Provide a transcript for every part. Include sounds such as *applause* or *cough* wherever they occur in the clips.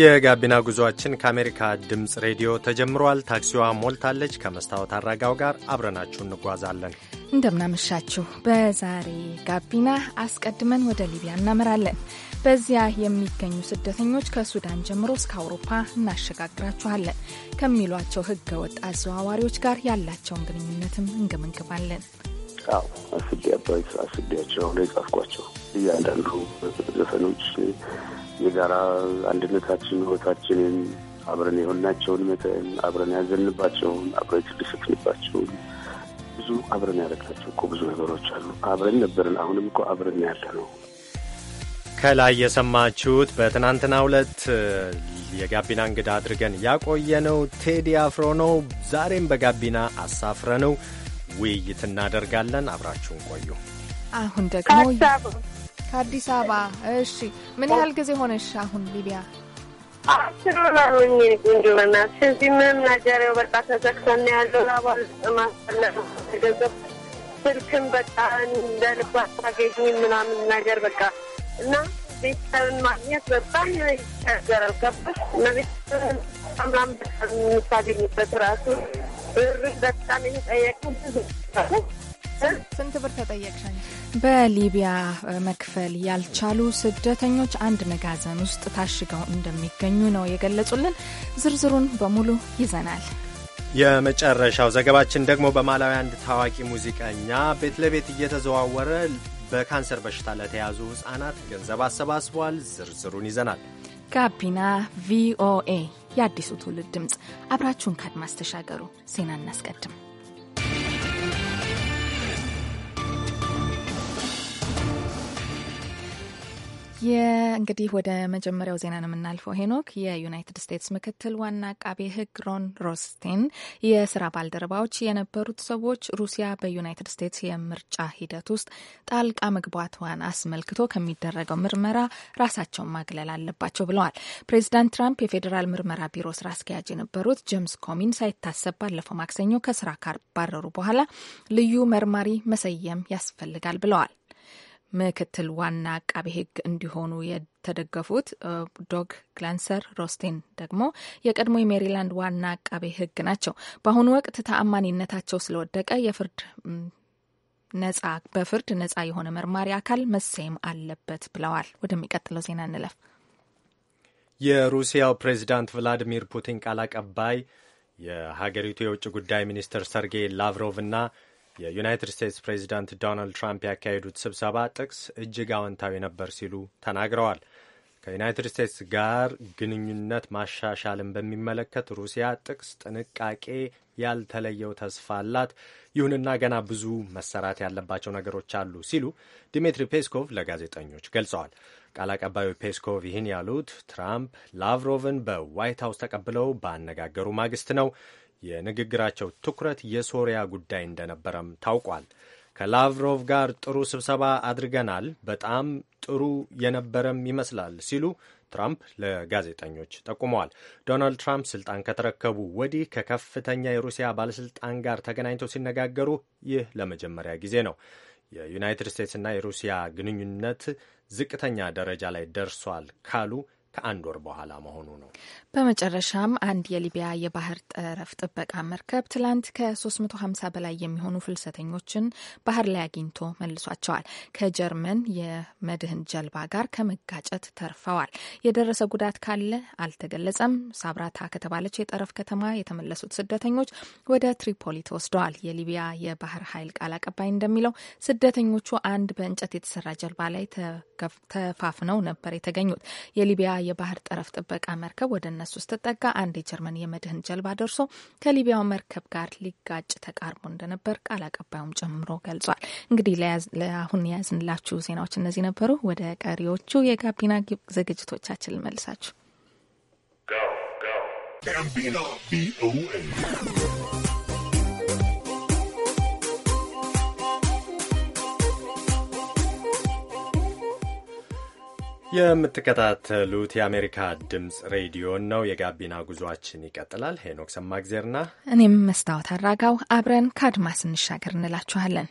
የጋቢና ጉዞአችን ከአሜሪካ ድምፅ ሬዲዮ ተጀምሯል። ታክሲዋ ሞልታለች። ከመስታወት አራጋው ጋር አብረናችሁ እንጓዛለን። እንደምናመሻችሁ። በዛሬ ጋቢና አስቀድመን ወደ ሊቢያ እናመራለን። በዚያ የሚገኙ ስደተኞች ከሱዳን ጀምሮ እስከ አውሮፓ እናሸጋግራችኋለን ከሚሏቸው ህገ ወጥ አዘዋዋሪዎች ጋር ያላቸውን ግንኙነትም እንገመግባለን። አስቤያባ አስቤያቸው ነው የጻፍኳቸው። እያንዳንዱ ዘፈኖች የጋራ አንድነታችን፣ ህይወታችንን፣ አብረን የሆናቸውን መጠን፣ አብረን ያዘንባቸውን፣ አብረን የተደሰትንባቸውን ብዙ አብረን ያደረግናቸው እኮ ብዙ ነገሮች አሉ። አብረን ነበርን፣ አሁንም እኮ አብረን ያለ ነው። ከላይ የሰማችሁት በትናንትና ሁለት የጋቢና እንግዳ አድርገን ያቆየነው ቴዲ አፍሮ ነው። ዛሬም በጋቢና አሳፍረ ነው ውይይት እናደርጋለን። አብራችሁን ቆዩ። አሁን ደግሞ ከአዲስ አበባ እሺ፣ ምን ያህል ጊዜ ሆነሽ አሁን ሊቢያ? አስር ሆናለኝ። ቆንጆ በእናትሽ እዚህ ምንም ነገር ያው በቃ ያለው ገንዘብ ስልክም በቃ እንደ ልብ ምናምን ነገር በቃ እና ቤተሰብን ማግኘት በጣም ይቸገራል። ገባሽ? እና ቤተሰብን በጣም የምታገኝበት ራሱ ብር በጣም ስንት ብር ተጠየቅሽ? በሊቢያ መክፈል ያልቻሉ ስደተኞች አንድ መጋዘን ውስጥ ታሽገው እንደሚገኙ ነው የገለጹልን። ዝርዝሩን በሙሉ ይዘናል። የመጨረሻው ዘገባችን ደግሞ በማላዊ አንድ ታዋቂ ሙዚቀኛ ቤት ለቤት እየተዘዋወረ በካንሰር በሽታ ለተያዙ ህፃናት ገንዘብ አሰባስቧል። ዝርዝሩን ይዘናል። ጋቢና ቪኦኤ የአዲሱ ትውልድ ድምፅ። አብራችሁን ካድማስ ተሻገሩ። ዜና እናስቀድም። የእንግዲህ ወደ መጀመሪያው ዜና ነው የምናልፈው። ሄኖክ የዩናይትድ ስቴትስ ምክትል ዋና አቃቤ ሕግ ሮን ሮስቴን የስራ ባልደረባዎች የነበሩት ሰዎች ሩሲያ በዩናይትድ ስቴትስ የምርጫ ሂደት ውስጥ ጣልቃ መግባቷን አስመልክቶ ከሚደረገው ምርመራ ራሳቸውን ማግለል አለባቸው ብለዋል። ፕሬዚዳንት ትራምፕ የፌዴራል ምርመራ ቢሮ ስራ አስኪያጅ የነበሩት ጄምስ ኮሚን ሳይታሰብ ባለፈው ማክሰኞ ከስራ ካባረሩ በኋላ ልዩ መርማሪ መሰየም ያስፈልጋል ብለዋል። ምክትል ዋና አቃቤ ሕግ እንዲሆኑ የተደገፉት ዶግ ግላንሰር ሮስቴን ደግሞ የቀድሞ የሜሪላንድ ዋና አቃቤ ሕግ ናቸው። በአሁኑ ወቅት ተአማኒነታቸው ስለወደቀ የፍርድ ነጻ በፍርድ ነጻ የሆነ መርማሪ አካል መሰየም አለበት ብለዋል። ወደሚቀጥለው ዜና እንለፍ። የሩሲያው ፕሬዚዳንት ቭላዲሚር ፑቲን ቃል አቀባይ የሀገሪቱ የውጭ ጉዳይ ሚኒስትር ሰርጌይ ላቭሮቭ እና የዩናይትድ ስቴትስ ፕሬዚዳንት ዶናልድ ትራምፕ ያካሄዱት ስብሰባ ጥቅስ እጅግ አዎንታዊ ነበር ሲሉ ተናግረዋል። ከዩናይትድ ስቴትስ ጋር ግንኙነት ማሻሻልን በሚመለከት ሩሲያ ጥቅስ ጥንቃቄ ያልተለየው ተስፋ አላት፣ ይሁንና ገና ብዙ መሰራት ያለባቸው ነገሮች አሉ ሲሉ ዲሚትሪ ፔስኮቭ ለጋዜጠኞች ገልጸዋል። ቃል አቀባዩ ፔስኮቭ ይህን ያሉት ትራምፕ ላቭሮቭን በዋይት ሀውስ ተቀብለው ባነጋገሩ ማግስት ነው። የንግግራቸው ትኩረት የሶሪያ ጉዳይ እንደነበረም ታውቋል። ከላቭሮቭ ጋር ጥሩ ስብሰባ አድርገናል፣ በጣም ጥሩ የነበረም ይመስላል ሲሉ ትራምፕ ለጋዜጠኞች ጠቁመዋል። ዶናልድ ትራምፕ ስልጣን ከተረከቡ ወዲህ ከከፍተኛ የሩሲያ ባለስልጣን ጋር ተገናኝተው ሲነጋገሩ ይህ ለመጀመሪያ ጊዜ ነው። የዩናይትድ ስቴትስና የሩሲያ ግንኙነት ዝቅተኛ ደረጃ ላይ ደርሷል ካሉ ከአንድ ወር በኋላ መሆኑ ነው። በመጨረሻም አንድ የሊቢያ የባህር ጠረፍ ጥበቃ መርከብ ትላንት ከ350 በላይ የሚሆኑ ፍልሰተኞችን ባህር ላይ አግኝቶ መልሷቸዋል። ከጀርመን የመድህን ጀልባ ጋር ከመጋጨት ተርፈዋል። የደረሰ ጉዳት ካለ አልተገለጸም። ሳብራታ ከተባለች የጠረፍ ከተማ የተመለሱት ስደተኞች ወደ ትሪፖሊ ተወስደዋል። የሊቢያ የባህር ኃይል ቃል አቀባይ እንደሚለው ስደተኞቹ አንድ በእንጨት የተሰራ ጀልባ ላይ ተፋፍነው ነበር የተገኙት። የሊቢያ የባህር ጠረፍ ጥበቃ መርከብ ወደ ዮሐንስ ስትጠጋ አንድ የጀርመን የመድህን ጀልባ ደርሶ ከሊቢያው መርከብ ጋር ሊጋጭ ተቃርቦ እንደነበር ቃል አቀባዩም ጨምሮ ገልጿል። እንግዲህ ለአሁን የያዝንላችሁ ዜናዎች እነዚህ ነበሩ። ወደ ቀሪዎቹ የጋቢና ዝግጅቶቻችን ልመልሳችሁ። የምትከታተሉት የአሜሪካ ድምፅ ሬዲዮን ነው። የጋቢና ጉዟችን ይቀጥላል። ሄኖክ ሰማግዜርና እኔም መስታወት አራጋው አብረን ከአድማስ እንሻገር እንላችኋለን።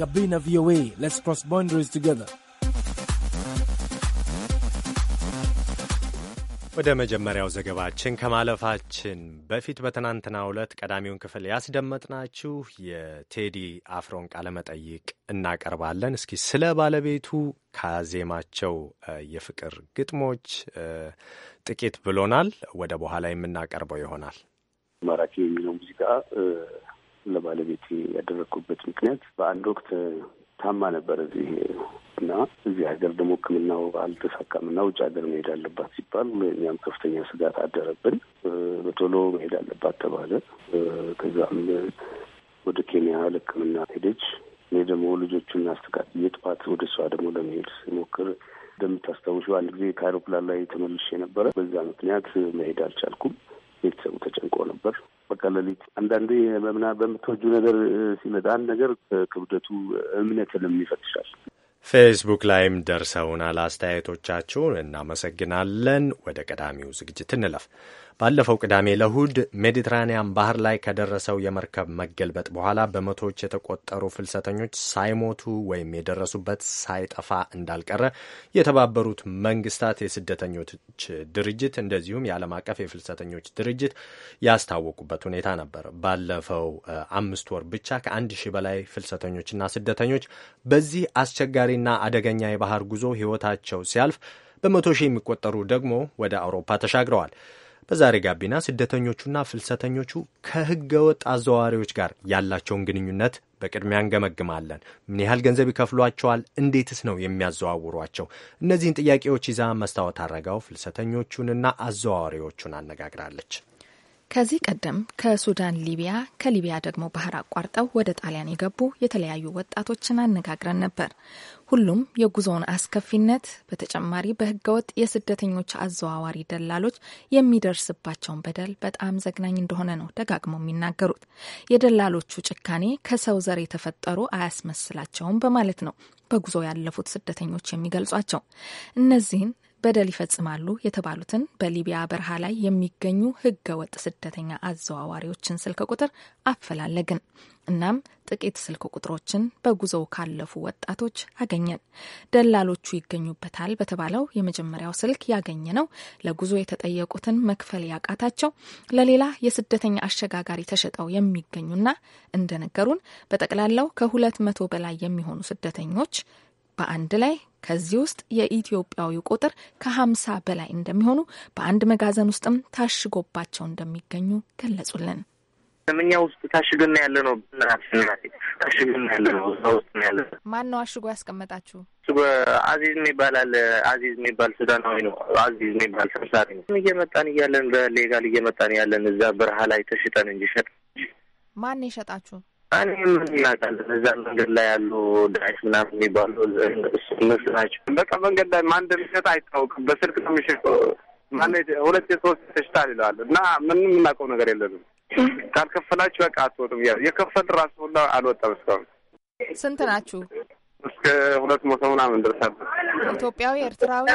ጋቢና ቪኦኤ ሌትስ ክሮስ ባውንደሪስ ቱጌዘር ወደ መጀመሪያው ዘገባችን ከማለፋችን በፊት በትናንትናው ዕለት ቀዳሚውን ክፍል ያስደመጥናችሁ የቴዲ አፍሮን ቃለመጠይቅ እናቀርባለን። እስኪ ስለ ባለቤቱ ካዜማቸው የፍቅር ግጥሞች ጥቂት ብሎናል። ወደ በኋላ የምናቀርበው ይሆናል። ማራኪ የሚለው ሙዚቃ ለባለቤቴ ያደረግኩበት ምክንያት በአንድ ወቅት ታማ ነበር እዚህ እና እዚህ ሀገር ደግሞ ሕክምናው አልተሳካም እና ውጭ ሀገር መሄድ አለባት ሲባል እኛም ከፍተኛ ስጋት አደረብን። በቶሎ መሄድ አለባት ተባለ። ከዛም ወደ ኬንያ ለሕክምና ሄደች። እኔ ደግሞ ልጆቹን አስተካክዬ ጠዋት ወደ እሷ ደግሞ ለመሄድ ስሞክር እንደምታስታውሹ አንድ ጊዜ ከአይሮፕላን ላይ ተመልሼ ነበረ። በዛ ምክንያት መሄድ አልቻልኩም። ቤተሰቡ ተጨንቆ ነበር። በቃ ሌሊት አንዳንዴ በምና በምትወጁ ነገር ሲመጣ አንድ ነገር ክብደቱ እምነትንም ይፈትሻል። ፌስቡክ ላይም ደርሰውናል አስተያየቶቻችሁን እናመሰግናለን። ወደ ቀዳሚው ዝግጅት እንለፍ። ባለፈው ቅዳሜ ለእሁድ ሜዲትራኒያን ባህር ላይ ከደረሰው የመርከብ መገልበጥ በኋላ በመቶዎች የተቆጠሩ ፍልሰተኞች ሳይሞቱ ወይም የደረሱበት ሳይጠፋ እንዳልቀረ የተባበሩት መንግስታት የስደተኞች ድርጅት እንደዚሁም የዓለም አቀፍ የፍልሰተኞች ድርጅት ያስታወቁበት ሁኔታ ነበር። ባለፈው አምስት ወር ብቻ ከአንድ ሺህ በላይ ፍልሰተኞችና ስደተኞች በዚህ አስቸጋሪና አደገኛ የባህር ጉዞ ሕይወታቸው ሲያልፍ በመቶ ሺህ የሚቆጠሩ ደግሞ ወደ አውሮፓ ተሻግረዋል። በዛሬ ጋቢና ስደተኞቹና ፍልሰተኞቹ ከህገወጥ አዘዋዋሪዎች ጋር ያላቸውን ግንኙነት በቅድሚያ እንገመግማለን። ምን ያህል ገንዘብ ይከፍሏቸዋል? እንዴትስ ነው የሚያዘዋውሯቸው? እነዚህን ጥያቄዎች ይዛ መስታወት አረጋው ፍልሰተኞቹንና አዘዋዋሪዎቹን አነጋግራለች። ከዚህ ቀደም ከሱዳን ሊቢያ፣ ከሊቢያ ደግሞ ባህር አቋርጠው ወደ ጣሊያን የገቡ የተለያዩ ወጣቶችን አነጋግረን ነበር። ሁሉም የጉዞውን አስከፊነት በተጨማሪ በህገወጥ የስደተኞች አዘዋዋሪ ደላሎች የሚደርስባቸውን በደል በጣም ዘግናኝ እንደሆነ ነው ደጋግመው የሚናገሩት። የደላሎቹ ጭካኔ ከሰው ዘር የተፈጠሩ አያስመስላቸውም በማለት ነው በጉዞ ያለፉት ስደተኞች የሚገልጿቸው። እነዚህን በደል ይፈጽማሉ የተባሉትን በሊቢያ በረሃ ላይ የሚገኙ ህገወጥ ስደተኛ አዘዋዋሪዎችን ስልክ ቁጥር አፈላለግን። እናም ጥቂት ስልክ ቁጥሮችን በጉዞው ካለፉ ወጣቶች አገኘን። ደላሎቹ ይገኙበታል በተባለው የመጀመሪያው ስልክ ያገኘ ነው ለጉዞ የተጠየቁትን መክፈል ያቃታቸው ለሌላ የስደተኛ አሸጋጋሪ ተሸጠው የሚገኙና እንደነገሩን በጠቅላላው ከሁለት መቶ በላይ የሚሆኑ ስደተኞች በአንድ ላይ ከዚህ ውስጥ የኢትዮጵያዊ ቁጥር ከሀምሳ በላይ እንደሚሆኑ በአንድ መጋዘን ውስጥም ታሽጎባቸው እንደሚገኙ ገለጹልን። እኛ ውስጥ ታሽግና ያለ ነው ታሽግና ያለ ነው እዛ ውስጥ ያለ ነው። ማን ነው አሽጎ ያስቀመጣችሁ? አዚዝ የሚባል አለ። አዚዝ የሚባል ሱዳናዊ ነው። አዚዝ የሚባል ሰብሳሪ ነው። እየመጣን እያለን በሌጋል እየመጣን ያለን እዛ በረሃ ላይ ተሽጠን እንጂ ሸጥ ማን የሸጣችሁ? እኔ ምን ይላቃል እዛ መንገድ ላይ ያሉ ዳሽ ምናምን የሚባሉ እነሱ ናቸው። በቃ መንገድ ላይ ማን እንደሚሸጥ አይታወቅም። በስልክ ነው የሚሸጠው። ማለት ሁለት የሶስት ተሽታል ይለዋል እና ምንም የምናውቀው ነገር የለንም። ካልከፈላችሁ በቃ አትወጡም። ያ የከፈል ራሱ ሁላ አልወጣም እስካሁን። ስንት ናችሁ? እስከ ሁለት መቶ ምናምን ደርሳል። ኢትዮጵያዊ ኤርትራዊ?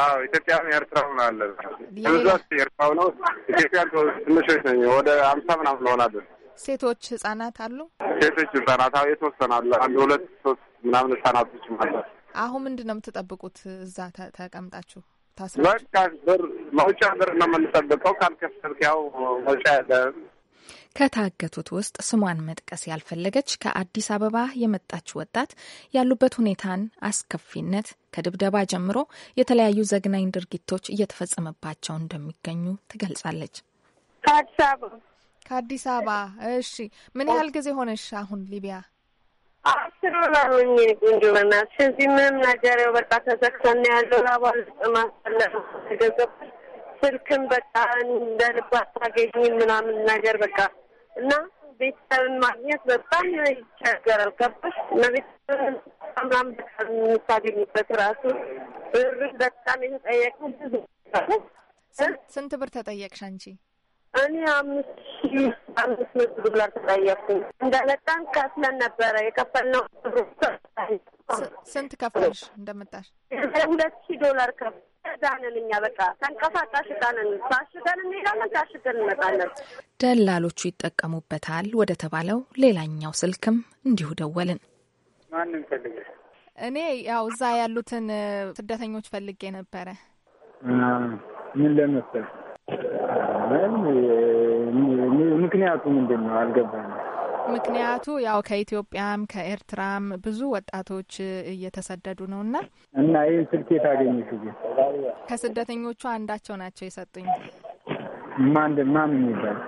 አዎ ኢትዮጵያዊ ኤርትራዊ ነው አለ። ብዙ ኤርትራዊ ነው። ኢትዮጵያ ትንሾች ነኝ ወደ አምሳ ምናምን ሆናለን። ሴቶች ህጻናት አሉ። ሴቶች ህጻናት አሁ የተወሰነ አለ። አንድ ሁለት ሶስት ምናምን ህጻናቶች አለ። አሁን ምንድን ነው የምትጠብቁት? እዛ ተቀምጣችሁ ብር መውጫ ብር ነው የምንጠብቀው። ካልከፈልክ ያው መውጫ ያለ ከታገቱት ውስጥ ስሟን መጥቀስ ያልፈለገች ከአዲስ አበባ የመጣች ወጣት ያሉበት ሁኔታን አስከፊነት ከድብደባ ጀምሮ የተለያዩ ዘግናኝ ድርጊቶች እየተፈጸመባቸው እንደሚገኙ ትገልጻለች። ከአዲስ አበባ ከአዲስ አበባ። እሺ፣ ምን ያህል ጊዜ ሆነሽ አሁን ሊቢያ? አስር ወር ሆኜ ቆንጆ በእናትሽ። ስለዚህ ምንም ነገር ያው በቃ ተዘግተን ያለው ላባል ማለ ገንዘብ ስልክም በቃ እንደ ልብ አታገኝም ምናምን ነገር በቃ እና ቤተሰብን ማግኘት በጣም ይቸገራል። ገባሽ እና ቤተሰብን ምናምን በቃ የምታገኝበት ራሱ ብር በጣም የተጠየቅኩ ስንት ብር ተጠየቅሽ አንቺ? እኔ አምስት ሺ አምስት መቶ ዶላር ተጠየኩኝ። እንደመጣን ከፍለን ነበረ የከፈልነው። ስንት ከፍለሽ እንደመጣሽ? ሁለት ሺ ዶላር ከፍ ደላሎቹ ይጠቀሙበታል ወደ ተባለው ሌላኛው ስልክም እንዲሁ ደወልን። እኔ ያው እዛ ያሉትን ስደተኞች ፈልጌ ነበረ ምን ለመሰል ምክንያቱ ምንድን ነው? አልገባኝም። ምክንያቱ ያው ከኢትዮጵያም ከኤርትራም ብዙ ወጣቶች እየተሰደዱ ነው እና እና ይህን ስልክ ጊዜ ከስደተኞቹ አንዳቸው ናቸው የሰጡኝ። ማን ማን የሚባል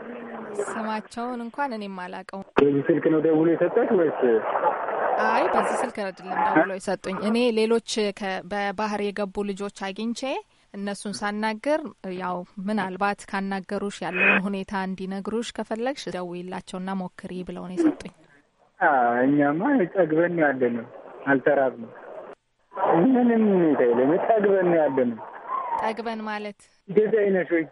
ስማቸውን እንኳን እኔም አላውቀው። በዚህ ስልክ ነው ደውሎ የሰጠች ወይስ? አይ በዚህ ስልክ አይደለም ደውሎ የሰጡኝ። እኔ ሌሎች በባህር የገቡ ልጆች አግኝቼ እነሱን ሳናገር ያው ምናልባት ካናገሩሽ ያለውን ሁኔታ እንዲነግሩሽ ከፈለግሽ ደውይላቸውና ሞክሪ ብለውን የሰጡኝ። እኛማ ጠግበን ነው ያለ ነው፣ አልተራብንም። ምንም ሁኔታ የለም። ጠግበን ያለ ነው። ጠግበን ማለት ኢትዮጵያዊ ነሽ ወይ?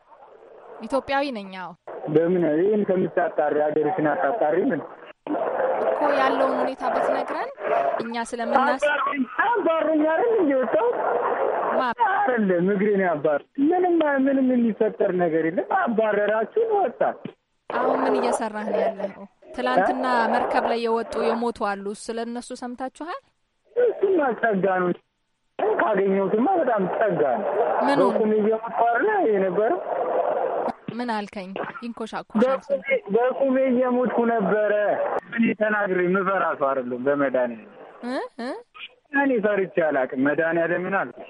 ኢትዮጵያዊ ነኝ። አዎ። በምን ይህን ከምታጣሪ ሀገርሽን አጣጣሪ ምን እኮ ያለውን ሁኔታ ብትነግረን እኛ ስለምናስ አባሩኛርን እንዲወጣው አይደለም እግሬን ያባር ምንም ምንም የሚፈጠር ነገር የለም። አባረራችሁን ወጣ። አሁን ምን እየሰራህ ነው ያለ? ትላንትና መርከብ ላይ የወጡ የሞቱ አሉ። ስለ እነሱ ሰምታችኋል? እሱማ ጸጋ ነው ካገኘሁትማ በጣም ጸጋ ነው። ምን በቁም እየሞቱ አለ የነበረው ምን አልከኝ? ይንኮሻኩ በቁሜ እየሞትኩ ነበረ። እኔ ተናግሬ የምፈራ ሰው አይደለሁም። በመድኃኒዓለም እኔ ፈርቼ አላውቅም። መድኃኒዓለምን አልኩሽ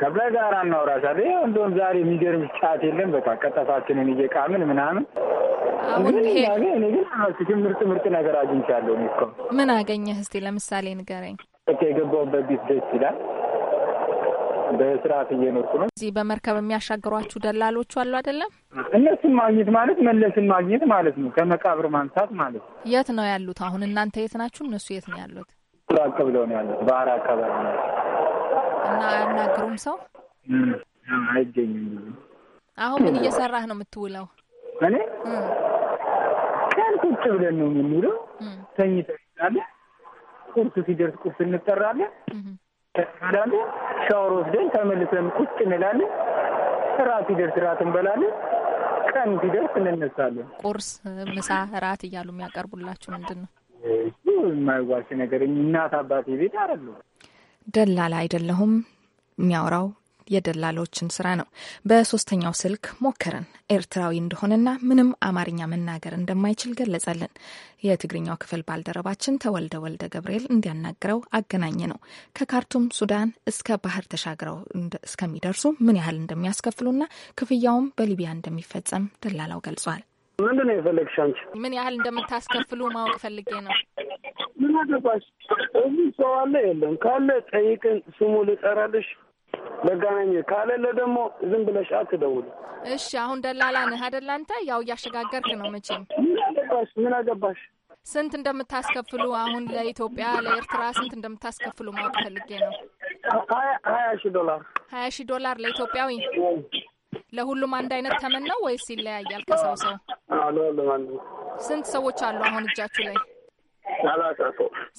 ከብላይ ጋር እናወራሻለን። ይኸው እንደውም ዛሬ የሚገርም ጫት የለም በቃ ቀጠፋችንን እየቃምን ምናምን። አሁን እኔ ግን አመስግን ምርጥ ምርጥ ነገር አግኝቻለሁ። እኮ ምን አገኘህ? እስቲ ለምሳሌ ንገረኝ። በቃ የገባሁበት ቤት ደስ ይላል። በስርዓት እየኖርኩ ነው። እዚህ በመርከብ የሚያሻግሯችሁ ደላሎቹ አሉ አይደለም? እነሱን ማግኘት ማለት መለስን ማግኘት ማለት ነው። ከመቃብር ማንሳት ማለት ነው። የት ነው ያሉት? አሁን እናንተ የት ናችሁ? እነሱ የት ነው ያሉት? ራቅ ብለው ነው ያሉት። ባህር አካባቢ ናቸው። አያናግሩም ሰው አይገኝም። አሁን ምን እየሰራህ ነው የምትውለው? እኔ ቀን ቁጭ ብለን ነው የምንውለው። ተኝተን እንላለን። ቁርስ ሲደርስ ቁርስ እንጠራለን፣ ተላለን፣ ሻወር ወስደን ተመልሰን ቁጭ እንላለን። ራት ሲደርስ እራት እንበላለን። ቀን ሲደርስ እንነሳለን። ቁርስ፣ ምሳ፣ ራት እያሉ የሚያቀርቡላችሁ ምንድን ነው? የማይዋሽ ነገር እናት አባቴ ቤት አይደለም ደላላ አይደለሁም። የሚያወራው የደላሎችን ስራ ነው። በሶስተኛው ስልክ ሞከርን። ኤርትራዊ እንደሆነና ምንም አማርኛ መናገር እንደማይችል ገለጸልን። የትግርኛው ክፍል ባልደረባችን ተወልደ ወልደ ገብርኤል እንዲያናግረው አገናኘ ነው። ከካርቱም ሱዳን እስከ ባህር ተሻግረው እስከሚደርሱ ምን ያህል እንደሚያስከፍሉና ክፍያውም በሊቢያ እንደሚፈጸም ደላላው ገልጿል። ምንድን ነው የፈለግሽ አንቺ? ምን ያህል እንደምታስከፍሉ ማወቅ ፈልጌ ነው። ምን አገባሽ? እዚህ ሰው አለ የለም? ካለ ጠይቅን፣ ስሙ ልጠራልሽ መጋናኘ ካለለ ደግሞ ዝም ብለሽ አትደውል። እሺ አሁን ደላላ ነህ አይደል አንተ? ያው እያሸጋገርክ ነው መቼም። ምን አገባሽ? ምን አገባሽ? ስንት እንደምታስከፍሉ አሁን ለኢትዮጵያ ለኤርትራ ስንት እንደምታስከፍሉ ማወቅ ፈልጌ ነው። ሀያ ሺህ ዶላር ሀያ ሺህ ዶላር ለኢትዮጵያዊ ለሁሉም አንድ አይነት ተመን ነው ወይስ ይለያያል? ከሰው ሰው ስንት ሰዎች አሉ አሁን እጃችሁ ላይ?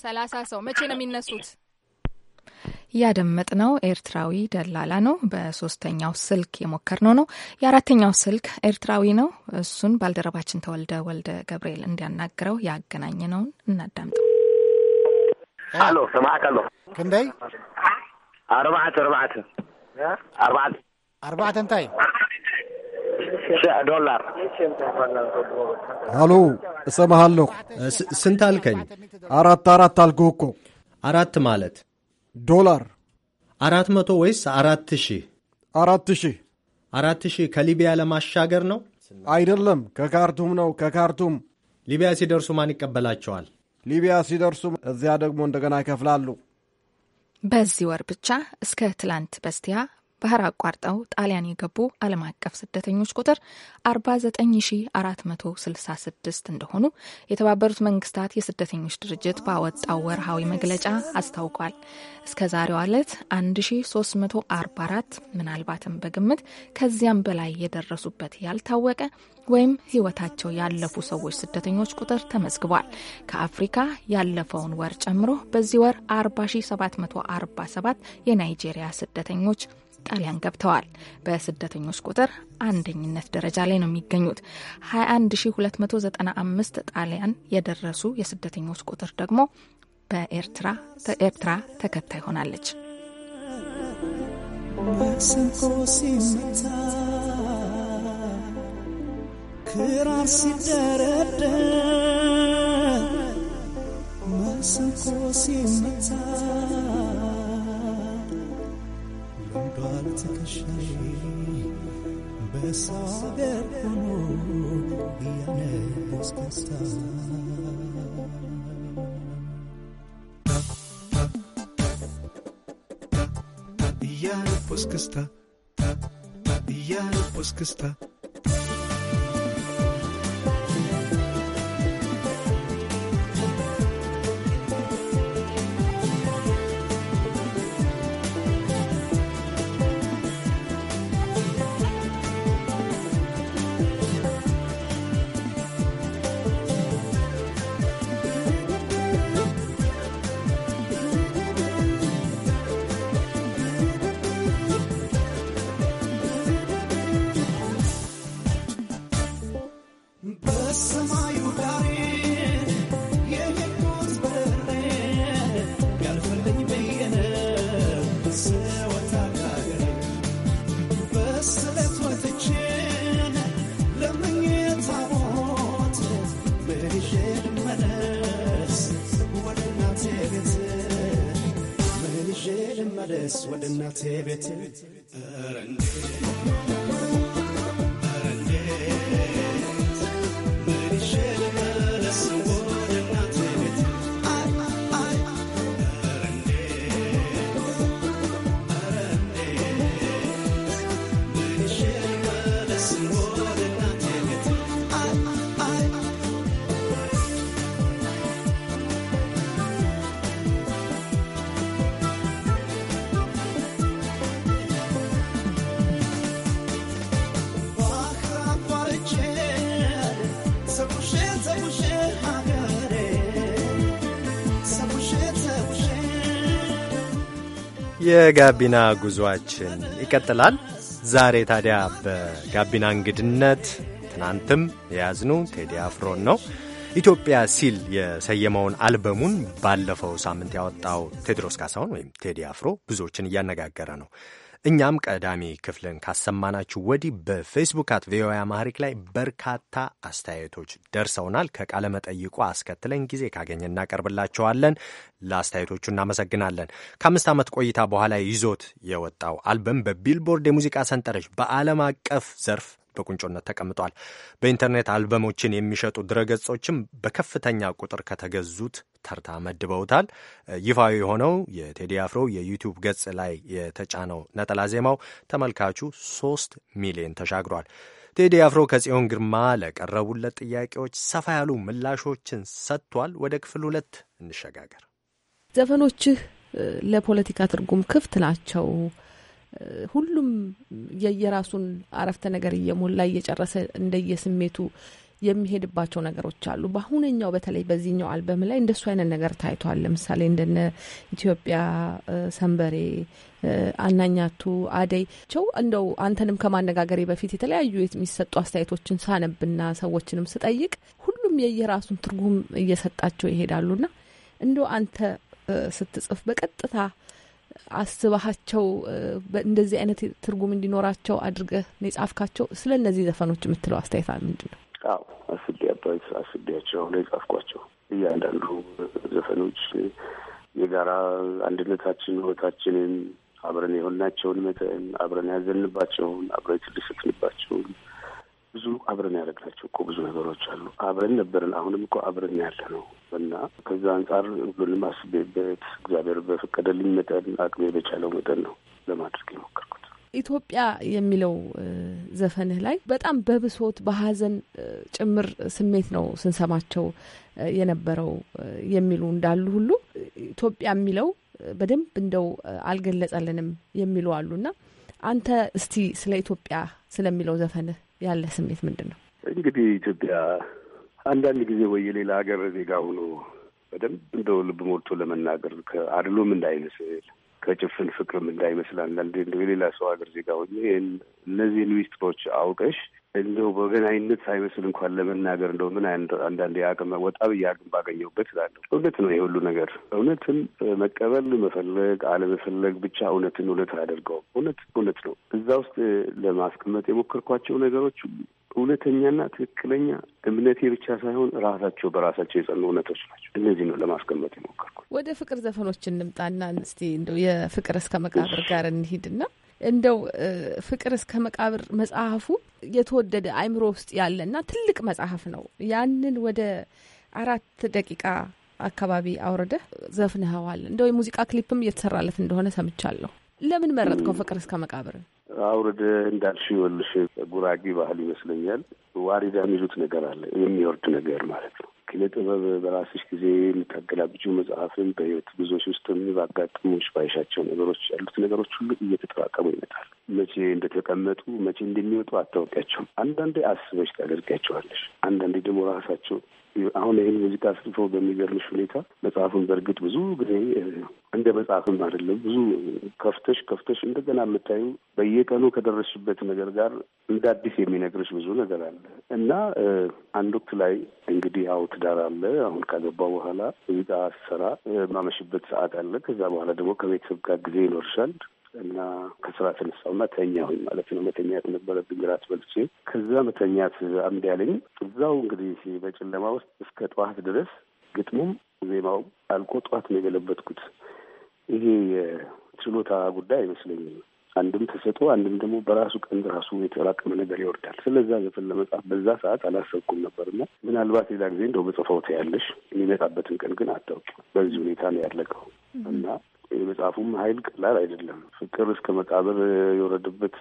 ሰላሳ ሰው መቼ ነው የሚነሱት? ያደመጥነው ኤርትራዊ ደላላ ነው። በሶስተኛው ስልክ የሞከርነው ነው። የአራተኛው ስልክ ኤርትራዊ ነው። እሱን ባልደረባችን ተወልደ ወልደ ገብርኤል እንዲያናግረው ያገናኘነውን እናዳምጠው። ሄሎ ሰማዕክ ክንደይ ኣርባዕተ ኣርባዕተ ኣርባዕተ أربعة انتاي ዶላር አሎ፣ እሰማሃለሁ። ስንት አልከኝ? አራት አራት አልኩህ እኮ። አራት ማለት ዶላር አራት መቶ ወይስ አራት ሺህ? አራት ሺህ አራት ሺህ ከሊቢያ ለማሻገር ነው አይደለም? ከካርቱም ነው። ከካርቱም ሊቢያ ሲደርሱ ማን ይቀበላቸዋል? ሊቢያ ሲደርሱ እዚያ ደግሞ እንደገና ይከፍላሉ። በዚህ ወር ብቻ እስከ ትላንት በስቲያ ባህር አቋርጠው ጣሊያን የገቡ ዓለም አቀፍ ስደተኞች ቁጥር 49466 እንደሆኑ የተባበሩት መንግስታት የስደተኞች ድርጅት ባወጣው ወርሃዊ መግለጫ አስታውቋል። እስከ ዛሬው ዕለት 1344 ምናልባትም በግምት ከዚያም በላይ የደረሱበት ያልታወቀ ወይም ህይወታቸው ያለፉ ሰዎች ስደተኞች ቁጥር ተመዝግቧል። ከአፍሪካ ያለፈውን ወር ጨምሮ በዚህ ወር 40747 የናይጄሪያ ስደተኞች ጣሊያን ገብተዋል። በስደተኞች ቁጥር አንደኝነት ደረጃ ላይ ነው የሚገኙት። 21295 ጣሊያን የደረሱ የስደተኞች ቁጥር ደግሞ በኤርትራ ተከታይ ሆናለች። ክራር ሲደረደር ሲመታ ትከሻ በሰው አገር ሆኖ እያነቡስ ከሳ እያነቡስ ክስታ እያነቡስ ክስታ ወደ እናቴ ቤት የጋቢና ጉዞአችን ይቀጥላል። ዛሬ ታዲያ በጋቢና እንግድነት ትናንትም የያዝኑ ቴዲ አፍሮን ነው። ኢትዮጵያ ሲል የሰየመውን አልበሙን ባለፈው ሳምንት ያወጣው ቴድሮስ ካሳሁን ወይም ቴዲ አፍሮ ብዙዎችን እያነጋገረ ነው። እኛም ቀዳሚ ክፍልን ካሰማናችሁ ወዲህ በፌስቡክ አት ቪኦኤ አማሪክ ላይ በርካታ አስተያየቶች ደርሰውናል። ከቃለ መጠይቁ አስከትለን ጊዜ ካገኘ እናቀርብላቸዋለን። ለአስተያየቶቹ እናመሰግናለን። ከአምስት ዓመት ቆይታ በኋላ ይዞት የወጣው አልበም በቢልቦርድ የሙዚቃ ሰንጠረዥ በዓለም አቀፍ ዘርፍ በቁንጮነት ተቀምጧል። በኢንተርኔት አልበሞችን የሚሸጡ ድረገጾችም በከፍተኛ ቁጥር ከተገዙት ተርታ መድበውታል። ይፋዊ የሆነው የቴዲ አፍሮ የዩቲዩብ ገጽ ላይ የተጫነው ነጠላ ዜማው ተመልካቹ ሶስት ሚሊዮን ተሻግሯል። ቴዲ አፍሮ ከጽዮን ግርማ ለቀረቡለት ጥያቄዎች ሰፋ ያሉ ምላሾችን ሰጥቷል። ወደ ክፍል ሁለት እንሸጋገር። ዘፈኖችህ ለፖለቲካ ትርጉም ክፍት ናቸው ሁሉም የየራሱን አረፍተ ነገር እየሞላ እየጨረሰ እንደየስሜቱ የሚሄድባቸው ነገሮች አሉ። በአሁነኛው በተለይ በዚህኛው አልበም ላይ እንደሱ አይነት ነገር ታይቷል። ለምሳሌ እንደነ ኢትዮጵያ ሰንበሬ፣ አናኛቱ፣ አደይ ቸው እንደው አንተንም ከማነጋገሬ በፊት የተለያዩ የሚሰጡ አስተያየቶችን ሳነብና ሰዎችንም ስጠይቅ ሁሉም የየራሱን ትርጉም እየሰጣቸው ይሄዳሉና እንደው አንተ ስትጽፍ በቀጥታ አስባሃቸው እንደዚህ አይነት ትርጉም እንዲኖራቸው አድርገህ ነው የጻፍካቸው? ስለ እነዚህ ዘፈኖች የምትለው አስተያየት ምንድን ነው? አዎ አስቤያባት አስቤያቸው ነው የጻፍኳቸው። እያንዳንዱ ዘፈኖች የጋራ አንድነታችን፣ ህይወታችንን አብረን የሆናቸውን መተን፣ አብረን ያዘንባቸውን አብረን ትልስክንባቸውን ብዙ አብረን ያደረግናቸው እኮ ብዙ ነገሮች አሉ። አብረን ነበርን፣ አሁንም እኮ አብረን ያለ ነው እና ከዛ አንጻር ሁሉንም አስቤበት እግዚአብሔር በፈቀደልኝ መጠን አቅሜ በቻለው መጠን ነው ለማድረግ የሞከርኩት። ኢትዮጵያ የሚለው ዘፈንህ ላይ በጣም በብሶት በሀዘን ጭምር ስሜት ነው ስንሰማቸው የነበረው የሚሉ እንዳሉ ሁሉ ኢትዮጵያ የሚለው በደንብ እንደው አልገለጸልንም የሚሉ አሉና አንተ እስቲ ስለ ኢትዮጵያ ስለሚለው ዘፈንህ ያለ ስሜት ምንድን ነው? እንግዲህ ኢትዮጵያ አንዳንድ ጊዜ ወይ የሌላ ሀገር ዜጋ ሆኖ በደንብ እንደው ልብ ሞልቶ ለመናገር ከአድሎም እንዳይመስል ከጭፍን ፍቅርም እንዳይመስል አንዳንድ የሌላ ሰው ሀገር ዜጋ ሆኜ ይህን እነዚህን ሚስጥሮች አውቀሽ እንደው በገናይነት ሳይመስል እንኳን ለመናገር እንደው ምን አንዳንድ የአቅም ወጣ ብዬ አቅም ባገኘሁበት እላለሁ። እውነት ነው ይሄ ሁሉ ነገር። እውነትን መቀበል መፈለግ አለመፈለግ ብቻ እውነትን እውነት አያደርገውም። እውነት እውነት ነው። እዛ ውስጥ ለማስቀመጥ የሞከርኳቸው ነገሮች እውነተኛና ትክክለኛ እምነቴ ብቻ ሳይሆን ራሳቸው በራሳቸው የጸኑ እውነቶች ናቸው። እነዚህ ነው ለማስቀመጥ የሞከርኩት። ወደ ፍቅር ዘፈኖች እንምጣና እስቲ እንደው የፍቅር እስከ መቃብር ጋር እንሂድና እንደው ፍቅር እስከ መቃብር መጽሐፉ የተወደደ አይምሮ ውስጥ ያለና ትልቅ መጽሐፍ ነው። ያንን ወደ አራት ደቂቃ አካባቢ አውርደህ ዘፍንኸዋል። እንደው የሙዚቃ ክሊፕም እየተሰራለት እንደሆነ ሰምቻለሁ። ለምን መረጥከው ፍቅር እስከ መቃብር? አውርደ እንዳልሽ ይኸውልሽ፣ ጉራጌ ባህል ይመስለኛል። ዋሪዳ የሚሉት ነገር አለ የሚወርድ ነገር ማለት ነው ኪነ ጥበብ በራስሽ ጊዜ የምታገላብጂው መጽሐፍን በህይወት ጉዞች ውስጥም ባጋጥሞች ባይሻቸው ነገሮች ያሉት ነገሮች ሁሉ እየተጠራቀሙ ይመጣል። መቼ እንደተቀመጡ መቼ እንደሚወጡ አታውቂያቸውም። አንዳንዴ አስበሽ ታደርጊያቸዋለሽ፣ አንዳንዴ ደግሞ ራሳቸው አሁን ይህን ሙዚቃ አስልፎ በሚገርምሽ ሁኔታ መጽሐፉን በእርግጥ ብዙ ጊዜ እንደ መጽሐፍም አይደለም ብዙ ከፍተሽ ከፍተሽ እንደገና የምታዩ በየቀኑ ከደረስሽበት ነገር ጋር እንደ አዲስ የሚነግርሽ ብዙ ነገር አለ እና አንድ ወቅት ላይ እንግዲህ ያው ትዳር አለ። አሁን ካገባ በኋላ ሙዚቃ ስሰራ ማመሽበት ሰዓት አለ። ከዛ በኋላ ደግሞ ከቤተሰብ ጋር ጊዜ ይኖርሻል። እና ከስራ ተነሳው እና ተኛሁኝ ማለት ነው። መተኛት ነበረብኝ ራት በልቼ። ከዛ መተኛት አምድ ያለኝ እዛው እንግዲህ በጨለማ ውስጥ እስከ ጠዋት ድረስ ግጥሙም ዜማው አልቆ ጠዋት ነው የገለበጥኩት። ይሄ የችሎታ ጉዳይ አይመስለኝም። አንድም ተሰጦ አንድም ደግሞ በራሱ ቀን ራሱ የተራቀመ ነገር ይወርዳል። ስለዛ ዘፈን ለመጻፍ በዛ ሰዓት አላሰብኩም ነበርና ምናልባት ሌላ ጊዜ እንደው በጽፈው ያለሽ የሚመጣበትን ቀን ግን አታውቂም። በዚህ ሁኔታ ነው ያለቀው እና የመጽሐፉም ኃይል ቀላል አይደለም። ፍቅር እስከ መቃብር የወረደበት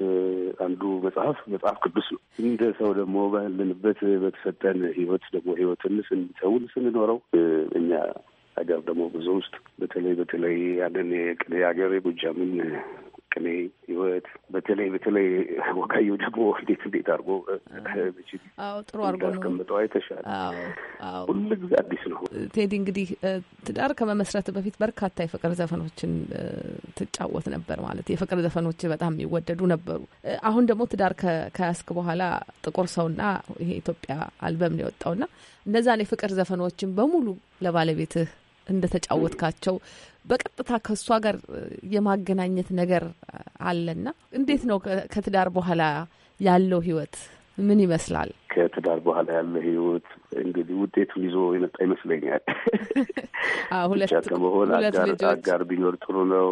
አንዱ መጽሐፍ መጽሐፍ ቅዱስ ነው። እንደ ሰው ደግሞ ባለንበት በተሰጠን ህይወት ደግሞ ህይወትን ስንሰውን ስንኖረው እኛ ሀገር ደግሞ ብዙ ውስጥ በተለይ በተለይ ያንን የቅኔ ሀገር የጎጃምን ቅኔ ህይወት በተለይ በተለይ ወጋየሁ ደግሞ እንዴት እንዴት አድርጎ ጥሩ አርጎ እንዳስቀምጠው አይተሻል። ሁሉ ጊዜ አዲስ ነው። ቴዲ እንግዲህ ትዳር ከመመስረት በፊት በርካታ የፍቅር ዘፈኖችን ትጫወት ነበር። ማለት የፍቅር ዘፈኖች በጣም የሚወደዱ ነበሩ። አሁን ደግሞ ትዳር ከያስክ በኋላ ጥቁር ሰውና ይሄ ኢትዮጵያ አልበም ነው የወጣውና እነዛን የፍቅር ዘፈኖችን በሙሉ ለባለቤትህ እንደተጫወትካቸው በቀጥታ ከእሷ ጋር የማገናኘት ነገር አለና እንዴት ነው ከትዳር በኋላ ያለው ህይወት ምን ይመስላል? ከትዳር በኋላ ያለ ህይወት እንግዲህ ውጤቱ ይዞ የመጣ ይመስለኛል። *laughs* ሁለት ከመሆን አጋር ቢኖር ጥሩ ነው።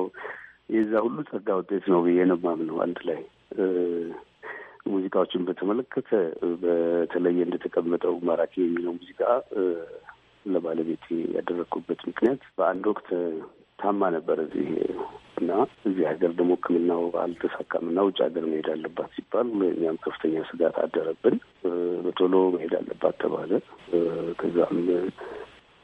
የዛ ሁሉ ጸጋ ውጤት ነው ብዬ ነው የማምነው። አንድ ላይ ሙዚቃዎችን በተመለከተ በተለየ እንደተቀመጠው ማራኪ የሚለው ሙዚቃ ለባለቤቴ ያደረግኩበት ምክንያት በአንድ ወቅት ታማ ነበር እዚህ እና እዚህ ሀገር ደግሞ ሕክምናው አልተሳካም እና ውጭ ሀገር መሄድ አለባት ሲባል እኛም ከፍተኛ ስጋት አደረብን። በቶሎ መሄድ አለባት ተባለ። ከዛም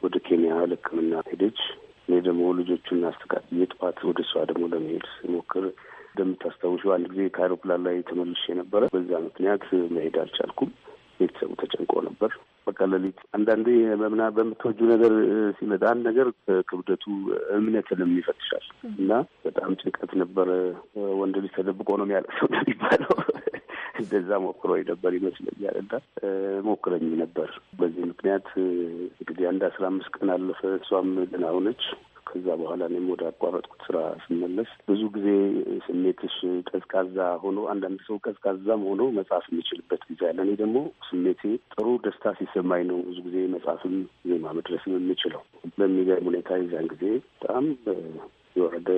ወደ ኬንያ ለሕክምና ሄደች። እኔ ደግሞ ልጆቹን አስተካክዬ የጥፋት ወደ እሷ ደግሞ ለመሄድ ስሞክር እንደምታስታውሽው አንድ ጊዜ ከአይሮፕላን ላይ ተመልሼ ነበረ። በዛ ምክንያት መሄድ አልቻልኩም። ቤተሰቡ ተጨንቆ ነበር። በቃ ሌሊት አንዳንዴ በምና በምትወጁ ነገር ሲመጣ አንድ ነገር ክብደቱ እምነትንም ይፈትሻል እና በጣም ጭንቀት ነበረ። ወንድ ልጅ ተደብቆ ነው የሚያለቅሰው እንደሚባለው *laughs* እንደዛ ሞክሮ ነበር ይመስለኛል እና ሞክረኝ ነበር። በዚህ ምክንያት እንግዲህ አንድ አስራ አምስት ቀን አለፈ። እሷም ደህና ሆነች። ከዛ በኋላ እኔም ወደ አቋረጥኩት ስራ ስመለስ ብዙ ጊዜ ስሜትሽ ቀዝቃዛ ሆኖ አንዳንድ ሰው ቀዝቃዛም ሆኖ መጽሐፍ የሚችልበት ጊዜ አለ። እኔ ደግሞ ስሜቴ ጥሩ ደስታ ሲሰማኝ ነው ብዙ ጊዜ መጽሐፍም ዜማ መድረስም የምችለው። በሚገርም ሁኔታ የዛን ጊዜ በጣም የወረደ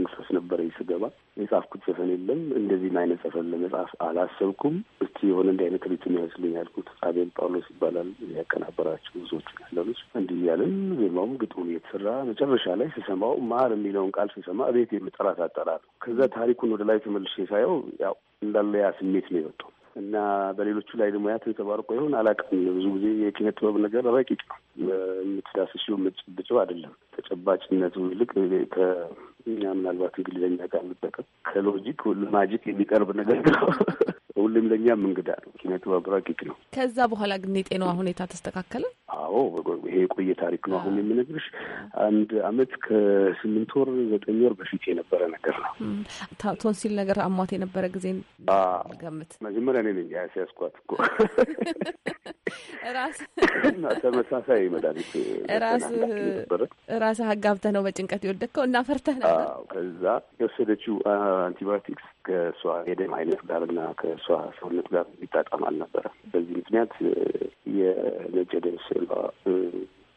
እንቅስፍ ነበረ ስገባ የጻፍኩት ዘፈን የለም። እንደዚህም አይነት ዘፈን ለመጻፍ አላሰብኩም። እስቲ የሆነ እንዲህ አይነት ሪትም ያዝልኝ ያልኩት አቤል ጳውሎስ ይባላል ያቀናበራቸው ብዙዎች ያለሉች እንዲህ እያልን ዜማውም ግጥሙን የተሰራ መጨረሻ ላይ ስሰማው ማር የሚለውን ቃል ስሰማ እቤት የምጠራት አጠራ ነው። ከዛ ታሪኩን ወደ ላይ ተመልሼ ሳየው ያው እንዳለ ያ ስሜት ነው የወጣው። እና በሌሎቹ ላይ ደግሞ ያ ተንጸባርቆ ይሆን አላውቅም። ብዙ ጊዜ የኪነ ጥበብ ነገር ረቂቅ ነው። የምትዳስሽው የምትጭብጭው አይደለም። ተጨባጭነቱ ይልቅ እኛ ምናልባት እንግሊዝኛ ቃል እንጠቀም ከሎጂክ ለማጂክ የሚቀርብ ነገር ነው። ሁሌም ለእኛም እንግዳ ነው። ምክንያቱ አብራቂቅ ነው። ከዛ በኋላ ግን የጤናዋ ሁኔታ ተስተካከለ? አዎ፣ ይሄ የቆየ ታሪክ ነው። አሁን የምነግርሽ አንድ አመት ከስምንት ወር ዘጠኝ ወር በፊት የነበረ ነገር ነው። ቶንሲል ነገር አሟት የነበረ ጊዜ ገምት። መጀመሪያ እኔ ነኝ ያስያዝኳት እኮ ራስ ተመሳሳይ መድኃኒት ራስ አጋብተህ ነው በጭንቀት የወደድከው እና ፈርተህ ነበር። ከዛ የወሰደችው አንቲባዮቲክስ ከእሷ የደም አይነት ጋርና ከእሷ ሰውነት ጋር ይጣጣም አልነበረ። በዚህ ምክንያት የነጭ ደም ሴሏ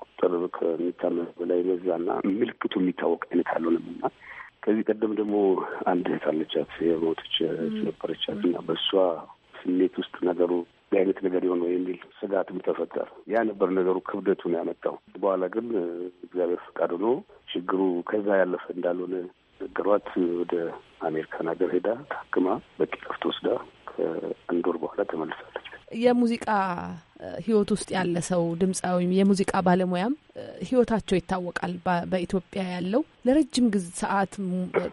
ቁጥር ከሚታመኑ በላይ በዛና ምልክቱ የሚታወቅ አይነት አልሆነም እና ከዚህ ቀደም ደግሞ አንድ እህት አለቻት የሞቶች ነበረቻት እና በእሷ ስሜት ውስጥ ነገሩ የአይነት ነገር የሆነ የሚል ስጋትም ተፈጠረ። ያ ነበር ነገሩ ክብደቱን ያመጣው። በኋላ ግን እግዚአብሔር ፈቃድ ሆኖ ችግሩ ከዛ ያለፈ እንዳልሆነ ነገሯት ወደ አሜሪካን ሀገር ሄዳ ታክማ በቂ ረፍት ወስዳ ከአንድ ወር በኋላ ተመልሳለች። የሙዚቃ ህይወት ውስጥ ያለ ሰው ድምፃዊ፣ የሙዚቃ ባለሙያም ህይወታቸው ይታወቃል። በኢትዮጵያ ያለው ለረጅም ጊዜ ሰዓት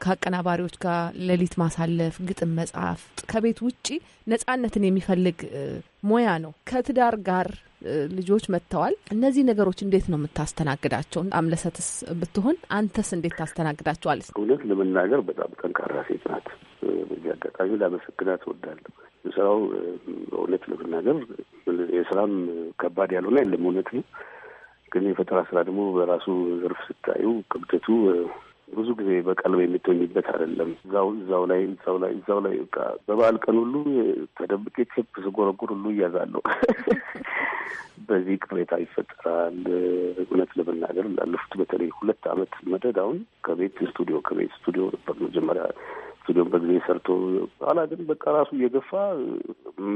ከአቀናባሪዎች ጋር ሌሊት ማሳለፍ፣ ግጥም መጻፍ፣ ከቤት ውጪ ነጻነትን የሚፈልግ ሙያ ነው። ከትዳር ጋር ልጆች መጥተዋል። እነዚህ ነገሮች እንዴት ነው የምታስተናግዳቸው? አምለሰትስ ብትሆን አንተስ እንዴት ታስተናግዳቸዋል? እውነት ለመናገር በጣም ጠንካራ ሴት ናት። በዚህ አጋጣሚ ላመሰግናት እወዳለሁ። ስራው እውነት ለመናገር የስራም ከባድ ያልሆነ የለም እውነት ነው። ግን የፈጠራ ስራ ደግሞ በራሱ ዘርፍ ስታዩ ክብደቱ ብዙ ጊዜ በቀልብ የምትሆኝበት አይደለም። እዛው እዛው ላይ እዛው ላይ እዛው ላይ በቃ በበዓል ቀን ሁሉ ተደብቄ ቼፕ ስጎረጉር ሁሉ እያዛለሁ። *laughs* በዚህ ቅሬታ ይፈጠራል። እውነት ለመናገር ላለፉት በተለይ ሁለት አመት መደድ አሁን ከቤት ስቱዲዮ ከቤት ስቱዲዮ ነበር መጀመሪያ ስቱዲዮን በጊዜ ሰርቶ ኋላ ግን በቃ ራሱ እየገፋ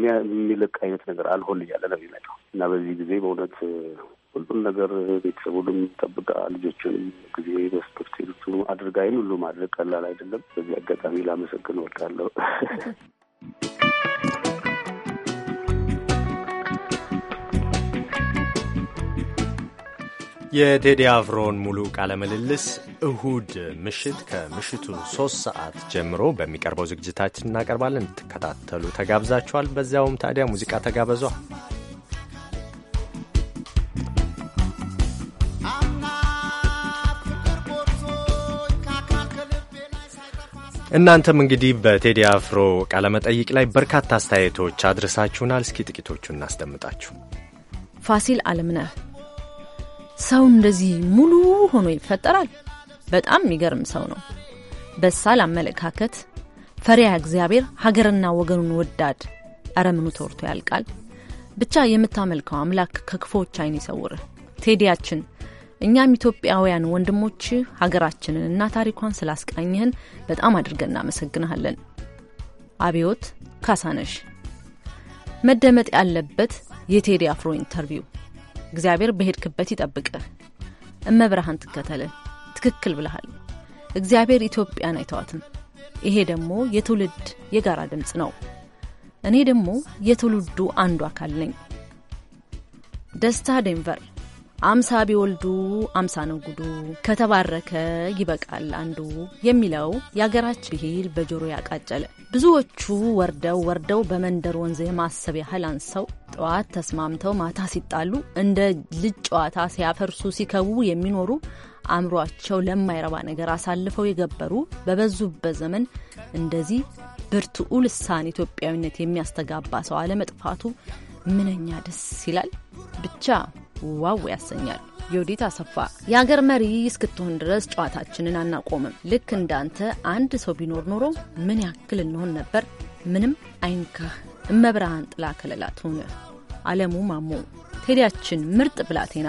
የሚለቅ አይነት ነገር አልሆን እያለ ነው የሚመጣው እና በዚህ ጊዜ በእውነት ሁሉም ነገር ቤተሰቡንም ጠብቃ ልጆችንም ጊዜ በስፐርቴሪቱ አድርጋ ይህን ሁሉ ማድረግ ቀላል አይደለም። በዚህ አጋጣሚ ላመሰግን እወዳለሁ። *laughs* የቴዲ አፍሮን ሙሉ ቃለ ምልልስ እሁድ ምሽት ከምሽቱ ሶስት ሰዓት ጀምሮ በሚቀርበው ዝግጅታችን እናቀርባለን። ትከታተሉ ተጋብዛችኋል። በዚያውም ታዲያ ሙዚቃ ተጋበዟ። እናንተም እንግዲህ በቴዲ አፍሮ ቃለመጠይቅ ላይ በርካታ አስተያየቶች አድርሳችሁናል። እስኪ ጥቂቶቹ እናስደምጣችሁ። ፋሲል አለምነህ ሰው እንደዚህ ሙሉ ሆኖ ይፈጠራል። በጣም የሚገርም ሰው ነው። በሳል አመለካከት፣ ፈሪያ እግዚአብሔር፣ ሀገርና ወገኑን ወዳድ። እረ ምኑ ተወርቶ ያልቃል። ብቻ የምታመልከው አምላክ ከክፎች አይን ይሰውርህ። ቴዲያችን እኛም ኢትዮጵያውያን ወንድሞች ሀገራችንን እና ታሪኳን ስላስቃኝህን በጣም አድርገን እናመሰግንሃለን። አብዮት ካሳነሽ። መደመጥ ያለበት የቴዲ አፍሮ ኢንተርቪው። እግዚአብሔር በሄድክበት ይጠብቅህ፣ እመብርሃን ትከተልህ። ትክክል ብለሃል። እግዚአብሔር ኢትዮጵያን አይተዋትም። ይሄ ደግሞ የትውልድ የጋራ ድምፅ ነው። እኔ ደግሞ የትውልዱ አንዱ አካል ነኝ። ደስታ ዴንቨር አምሳ ቢወልዱ አምሳ ነው ጉዱ፣ ከተባረከ ይበቃል አንዱ የሚለው የአገራችን ብሂል በጆሮ ያቃጨለ ብዙዎቹ ወርደው ወርደው በመንደር ወንዝ የማሰብ ያህል አንሰው ጠዋት ተስማምተው ማታ ሲጣሉ እንደ ልጅ ጨዋታ ሲያፈርሱ ሲከቡ የሚኖሩ አእምሯቸው ለማይረባ ነገር አሳልፈው የገበሩ በበዙበት ዘመን እንደዚህ ብርቱዕ ልሳን ኢትዮጵያዊነት የሚያስተጋባ ሰው አለመጥፋቱ ምንኛ ደስ ይላል። ብቻ ዋው ያሰኛል። የወዲት አሰፋ የአገር መሪ እስክትሆን ድረስ ጨዋታችንን አናቆምም። ልክ እንዳንተ አንድ ሰው ቢኖር ኖሮ ምን ያክል እንሆን ነበር። ምንም አይንካህ እመብርሃን ጥላ ከለላ ትሆነ። አለሙ ማሞ ቴዲያችን ምርጥ ብላቴና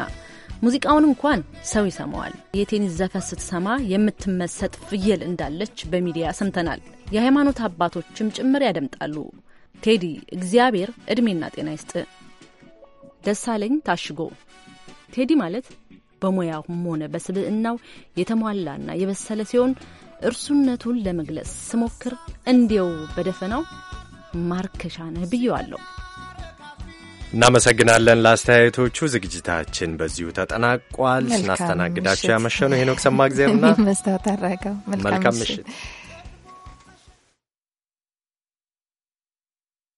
ሙዚቃውን እንኳን ሰው ይሰማዋል። የቴኒስ ዘፈን ስትሰማ የምትመሰጥ ፍየል እንዳለች በሚዲያ ሰምተናል። የሃይማኖት አባቶችም ጭምር ያደምጣሉ። ቴዲ እግዚአብሔር እድሜና ጤና ይስጥ። ደሳለኝ ታሽጎ ቴዲ ማለት በሙያውም ሆነ በስብዕናው የተሟላና የበሰለ ሲሆን እርሱነቱን ለመግለጽ ስሞክር እንዲው በደፈናው ማርከሻ ነህ ብየዋለሁ። እናመሰግናለን ለአስተያየቶቹ። ዝግጅታችን በዚሁ ተጠናቋል። ስናስተናግዳቸው ያመሸኑ ሄኖክ ሰማ ጊዜርና *laughs* መስታወት አድረገው። መልካም ምሽት።